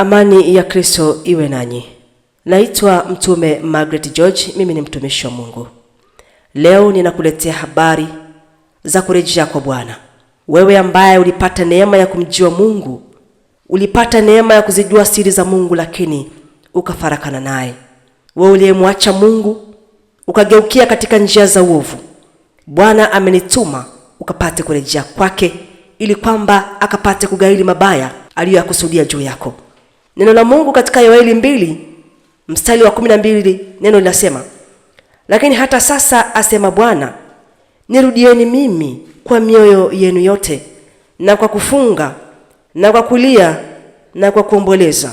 Amani ya Kristo iwe nanyi. Naitwa Mtume Margaret George, mimi ni mtumishi wa Mungu. Leo ninakuletea habari za kurejea kwa Bwana. Wewe ambaye ulipata neema ya kumjua Mungu, ulipata neema ya kuzijua siri za Mungu, lakini ukafarakana naye. Wewe uliyemwacha Mungu ukageukia katika njia za uovu, Bwana amenituma ukapate kurejea kwake, ili kwamba akapate kugaili mabaya aliyoyakusudia juu yako. Neno la Mungu katika Yoeli mbili mstari wa kumi na mbili neno linasema, lakini hata sasa asema Bwana, nirudieni mimi kwa mioyo yenu yote na kwa kufunga na kwa kulia na kwa kuomboleza.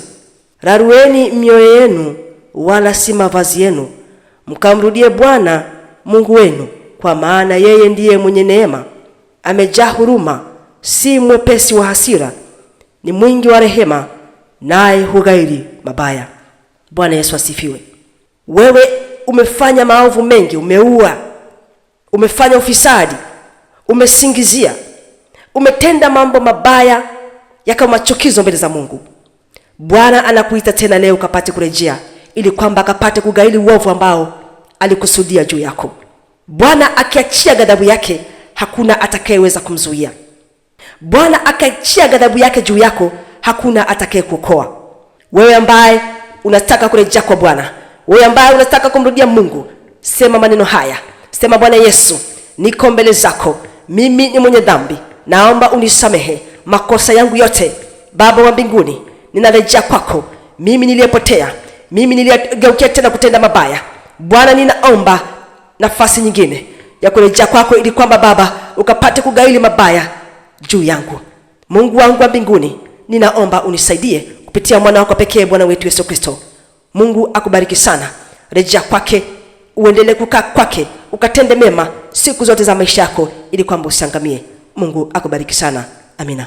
Rarueni mioyo yenu, wala si mavazi yenu, mkamrudie Bwana Mungu wenu, kwa maana yeye ndiye mwenye neema, amejaa huruma, si mwepesi wa hasira, ni mwingi wa rehema naye hughairi mabaya. Bwana Yesu asifiwe. Wewe umefanya maovu mengi, umeua, umefanya ufisadi, umesingizia, umetenda mambo mabaya yakawa machukizo mbele za Mungu. Bwana anakuita tena leo ukapate kurejea, ili kwamba akapate kughairi uovu ambao alikusudia juu yako. Bwana akiachia ghadhabu yake, hakuna atakayeweza kumzuia. Bwana akiachia ghadhabu yake juu yako hakuna atakayekuokoa wewe. Ambaye unataka kurejea kwa Bwana, wewe ambaye unataka kumrudia Mungu, sema maneno haya, sema: Bwana Yesu, niko mbele zako, mimi ni mwenye dhambi, naomba unisamehe makosa yangu yote. Baba wa mbinguni, ninarejea kwako, mimi niliyepotea, mimi niliyegeukia tena kutenda mabaya. Bwana, ninaomba nafasi nyingine ya kurejea kwako, ili kwamba Baba ukapate kugaili mabaya juu yangu. Mungu wangu wa mbinguni ninaomba unisaidie kupitia mwana wako pekee Bwana wetu Yesu Kristo. Mungu akubariki sana, rejea kwake, uendelee kukaa kwake, ukatende mema siku zote za maisha yako, ili kwamba usiangamie. Mungu akubariki sana, amina.